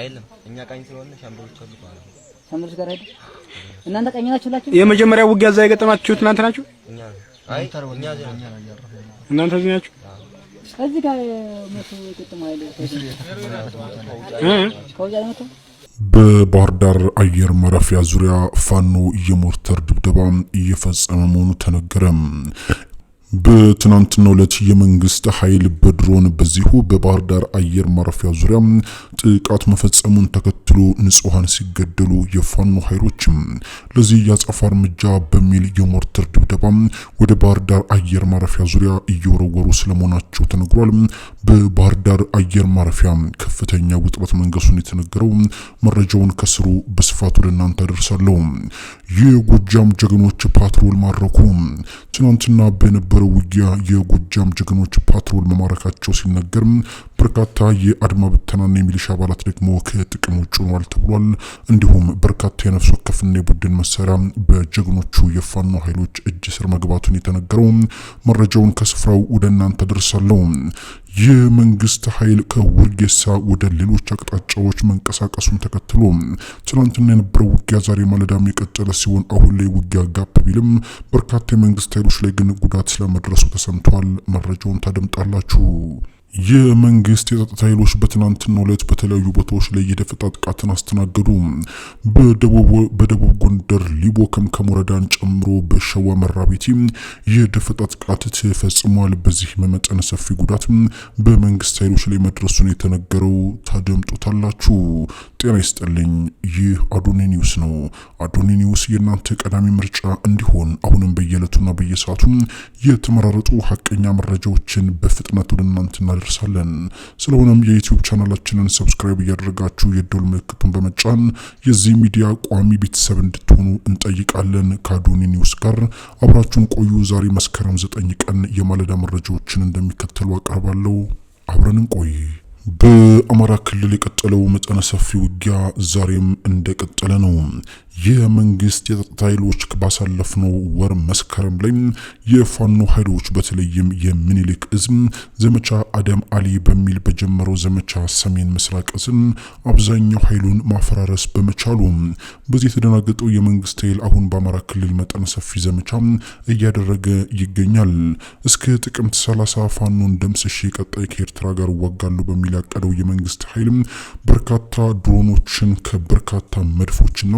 አይደለም እኛ ቀኝ ስለሆነ ሻምበሎች አሉ ማለት ነው። ሻምበሎች ጋር አይደል? እናንተ ቀኝ ናችሁ ላችሁ። የመጀመሪያው ውጊያ እዛ የገጠማችሁት እናንተ ናችሁ? እኛ አይ እኛ እኛ እናንተ እዚህ ናችሁ። እዚህ ጋር መቶ የገጠመው አይደል? ከውጫ መቶ በባህር ዳር አየር ማረፊያ ዙሪያ ፋኖ የሞርተር ድብደባ እየፈጸመ መሆኑ ተነገረ። በትናንትናው ዕለት የመንግስት ኃይል በድሮን በዚሁ በባህር ዳር አየር ማረፊያ ዙሪያ ጥቃት መፈጸሙን ተከትሎ ንጹሐን ሲገደሉ የፋኖ ኃይሎችም ለዚህ የአጸፋ እርምጃ በሚል የሞርተር ድብደባ ወደ ባህር ዳር አየር ማረፊያ ዙሪያ እየወረወሩ ስለመሆናቸው ተነግሯል። በባህር ዳር አየር ማረፊያ ከፍተኛ ውጥረት መንገሱን የተነገረው መረጃውን ከስሩ በስፋት ወደ እናንተ አደርሳለሁ። የጎጃም ጀግኖች ፓትሮል ማረኩ። ትናንትና በነበረው ውጊያ የጎጃም ጀግኖች ፓትሮል መማረካቸው ሲነገር በርካታ የአድማ ብተናና የሚሊሻ አባላት ደግሞ ከጥቅም ውጭ ሆኗል ተብሏል። እንዲሁም በርካታ የነፍስ ወከፍና የቡድን መሳሪያ በጀግኖቹ የፋኖ ኃይሎች እጅ ስር መግባቱን የተነገረው መረጃውን ከስፍራው ወደ እናንተ ደርሳለሁ። ይህ መንግስት ኃይል ከውርጌሳ ወደ ሌሎች አቅጣጫዎች መንቀሳቀሱን ተከትሎ ትናንትና የነበረው ውጊያ ዛሬ ማለዳም የቀጠለ ሲሆን አሁን ላይ ውጊያ ጋፕ ቢልም በርካታ የመንግስት ኃይሎች ላይ ግን ጉዳት ስለመድረሱ ተሰምቷል። መረጃውን ታደምጣላችሁ። የመንግስት የጸጥታ ኃይሎች በትናንትናው ዕለት በተለያዩ ቦታዎች ላይ የደፈጣ ጥቃትን አስተናገዱ። በደቡብ ጎንደር ሊቦ ከምከም ወረዳን ጨምሮ በሸዋ መራቤቴ የደፈጣ ጥቃት ተፈጽሟል። በዚህ መመጠን ሰፊ ጉዳት በመንግስት ኃይሎች ላይ መድረሱን የተነገረው ታደምጡታላችሁ። ጤና ይስጥልኝ። ይህ አዶኒ ኒውስ ነው። አዶኒ ኒውስ የእናንተ ቀዳሚ ምርጫ እንዲሆን አሁንም በየዕለቱና በየሰዓቱ የተመራረጡ ሀቀኛ መረጃዎችን በፍጥነት ወደ እናንተና እንደርሳለን። ስለሆነም የዩቲዩብ ቻናላችንን ሰብስክራይብ እያደረጋችሁ የደወል ምልክቱን በመጫን የዚህ ሚዲያ ቋሚ ቤተሰብ እንድትሆኑ እንጠይቃለን። ከአዶኒ ኒውስ ጋር አብራችሁን ቆዩ። ዛሬ መስከረም ዘጠኝ ቀን የማለዳ መረጃዎችን እንደሚከተሉ አቀርባለሁ። አብረንን ቆይ በአማራ ክልል የቀጠለው መጠነ ሰፊ ውጊያ ዛሬም እንደቀጠለ ነው። የመንግስት የጸጥታ ኃይሎች ባሳለፍነው ወር መስከረም ላይ የፋኖ ኃይሎች በተለይም የሚኒሊክ እዝም ዘመቻ አደም አሊ በሚል በጀመረው ዘመቻ ሰሜን ምስራቅ እዝም አብዛኛው ኃይሉን ማፈራረስ በመቻሉ በዚህ የተደናገጠው የመንግስት ኃይል አሁን በአማራ ክልል መጠነ ሰፊ ዘመቻ እያደረገ ይገኛል። እስከ ጥቅምት 30 ፋኖን ደምስሼ ቀጣይ ከኤርትራ ጋር እዋጋለሁ በሚል ያቀደው የመንግስት ኃይል በርካታ ድሮኖችን ከበርካታ መድፎችና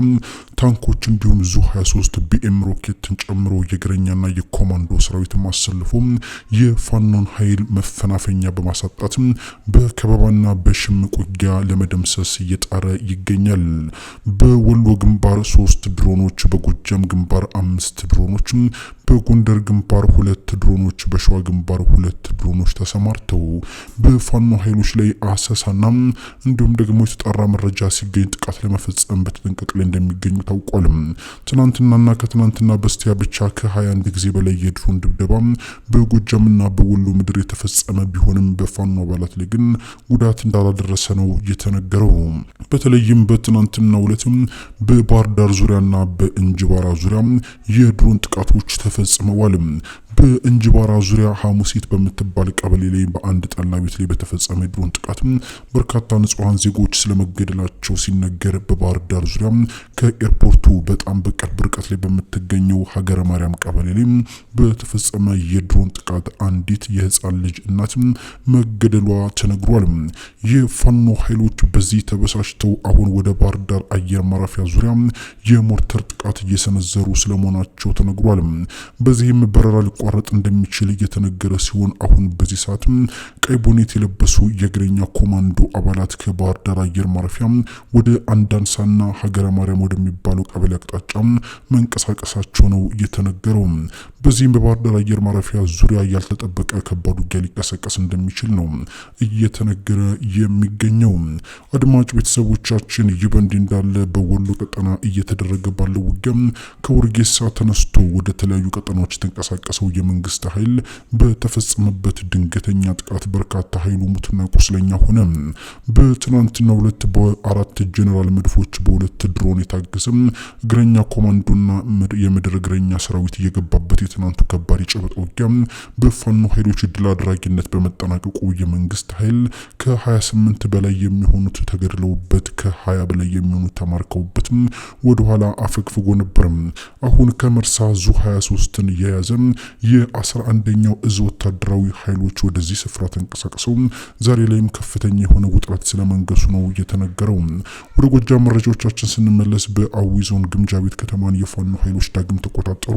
ታንኮችን እንዲሁም ዙ 23 ቢኤም ሮኬትን ጨምሮ የእግረኛና የኮማንዶ ሰራዊት አሰልፎ የፋኖን ኃይል መፈናፈኛ በማሳጣት በከበባና በሽምቅ ውጊያ ለመደምሰስ እየጣረ ይገኛል። በወሎ ግንባር ሶስት ድሮኖች፣ በጎጃም ግንባር አምስት ድሮኖች፣ በጎንደር ግንባር ሁለት ሁለት ድሮኖች በሸዋ ግንባር ሁለት ድሮኖች ተሰማርተው በፋኖ ኃይሎች ላይ አሰሳና እንዲሁም ደግሞ የተጣራ መረጃ ሲገኝ ጥቃት ለመፈጸም በተጠንቀቅ ላይ እንደሚገኙ ታውቋል። ትናንትናና ከትናንትና በስቲያ ብቻ ከ21 ጊዜ በላይ የድሮን ድብደባ በጎጃምና በወሎ ምድር የተፈጸመ ቢሆንም በፋኖ አባላት ላይ ግን ጉዳት እንዳላደረሰ ነው የተነገረው። በተለይም በትናንትና ሁለትም በባህር ዳር ዙሪያና በእንጅባራ ዙሪያ የድሮን ጥቃቶች ተፈጽመዋል። እንጅባራ ዙሪያ ሐሙሲት በምትባል ቀበሌ ላይ በአንድ ጠላ ቤት ላይ በተፈጸመ ድሮን ጥቃት በርካታ ንጹሐን ዜጎች ስለመገደላቸው ሲነገር፣ በባህር ዳር ዙሪያ ከኤርፖርቱ በጣም በቅርብ ርቀት ላይ በምትገኘው ሀገረ ማርያም ቀበሌ ላይ በተፈጸመ የድሮን ጥቃት አንዲት የህፃን ልጅ እናት መገደሏ ተነግሯል። የፋኖ ኃይሎች በዚህ ተበሳሽተው አሁን ወደ ባህር ዳር አየር ማረፊያ ዙሪያ የሞርተር ጥቃት እየሰነዘሩ ስለመሆናቸው ተነግሯል። በዚህም በረራ ሊቋረጥ ሊለወጥ እንደሚችል እየተነገረ ሲሆን አሁን በዚህ ሰዓት ቀይ ቦኔት የለበሱ የእግረኛ ኮማንዶ አባላት ከባህር ዳር አየር ማረፊያ ወደ አንዳንሳና ሀገረ ማርያም ወደሚባለው ቀበሌ አቅጣጫ መንቀሳቀሳቸው ነው የተነገረው። በዚህም በባህር ዳር አየር ማረፊያ ዙሪያ ያልተጠበቀ ከባድ ውጊያ ሊቀሰቀስ እንደሚችል ነው እየተነገረ የሚገኘው። አድማጭ ቤተሰቦቻችን ይህ በእንዲህ እንዳለ በወሎ ቀጠና እየተደረገ ባለው ውጊያ ከወርጌሳ ተነስቶ ወደ ተለያዩ ቀጠናዎች የተንቀሳቀሰው የመንግስት ኃይል በተፈጸመበት ድንገተኛ ጥቃት በርካታ ኃይሉ ሙትና ቁስለኛ ሆነ። በትናንትና ሁለት በአራት ጀኔራል መድፎች በሁለት ድሮን የታገዘ እግረኛ ኮማንዶና የምድር እግረኛ ሰራዊት እየገባበት የትናንቱ ከባድ የጨበጥ ውጊያም በፋኖ ኃይሎች ድል አድራጊነት በመጠናቀቁ የመንግስት ኃይል ከ28 በላይ የሚሆኑት ተገድለውበት ከ20 በላይ የሚሆኑት ተማርከውበትም ወደኋላ አፈግፍጎ ነበርም። አሁን ከመርሳ ዙ 23ን የያዘ የ11ኛው እዝ ወታደራዊ ኃይሎች ወደዚህ ስፍራ ተንቀሳቅሰው ዛሬ ላይም ከፍተኛ የሆነ ውጥረት ስለመንገሱ ነው የተነገረው። ወደ ጎጃም መረጃዎቻችን ስንመለስ በአዊ ዞን ግምጃ ቤት ከተማን የፋኖ ኃይሎች ዳግም ተቆጣጠሩ።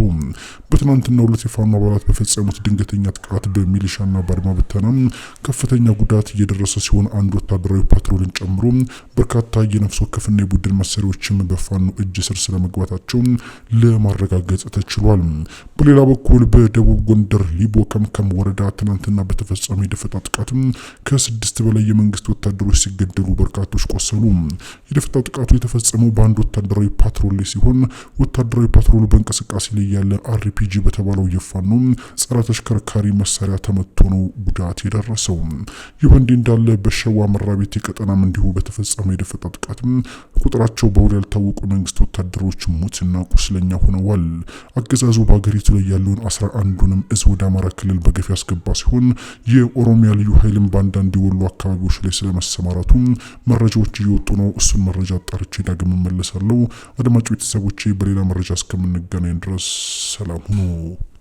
በትናንት በትናንትና ሁለት የፋኖ አባላት በፈጸሙት ድንገተኛ ጥቃት በሚሊሻና በአድማ ብተናም ከፍተኛ ጉዳት እየደረሰ ሲሆን አንድ ወታደራዊ ፓትሮልን ጨምሮ በርካታ የነፍስ ወከፍና የቡድን መሳሪያዎችም በፋኖ እጅ ስር ስለመግባታቸው ለማረጋገጥ ተችሏል። በሌላ በኩል በደቡብ ጎንደር ሊቦ ከምከም ወረዳ ትናንትና በተፈጸመ የደፈጣ ጥቃት ከስድስት በላይ የመንግስት ወታደሮች ሲገደሉ በርካቶች ቆሰሉ። የደፈጣ ጥቃቱ የተፈጸመው በአንድ ወታደራዊ ፓትሮል ላይ ሲሆን ወታደራዊ ፓትሮሉ በእንቅስቃሴ ላይ ያለ አርፒጂ በተባለው የፋኖ ጸረ ተሽከርካሪ መሳሪያ ተመቶ ነው ጉዳት የደረሰው። ይህ እንዲህ እንዳለ በሸዋ መራቤቴ ቀጠናም እንዲሁ በተፈጸመ የደፈጣ ጥቃት ቁጥራቸው በውል ያልታወቁ መንግስት ወታደሮች ሙትና ቁስለኛ ሆነዋል። አገዛዙ በሀገሪቱ ላይ ያለውን አስራ አንዱንም እዝ ወደ አማራ ክልል በገፍ ያስገባ ሲሆን የኦሮሚያ ልዩ ኃይልም በአንዳንድ የወሎ አካባቢዎች ላይ ስለመሰማራቱ መረጃዎች እየወጡ ነው። እሱን መረጃ አጣርቼ ዳግም እመለሳለሁ። አድማጭ ቤተሰቦቼ በሌላ መረጃ እስከምንገናኝ ድረስ ሰላም ሁኑ። 嗯，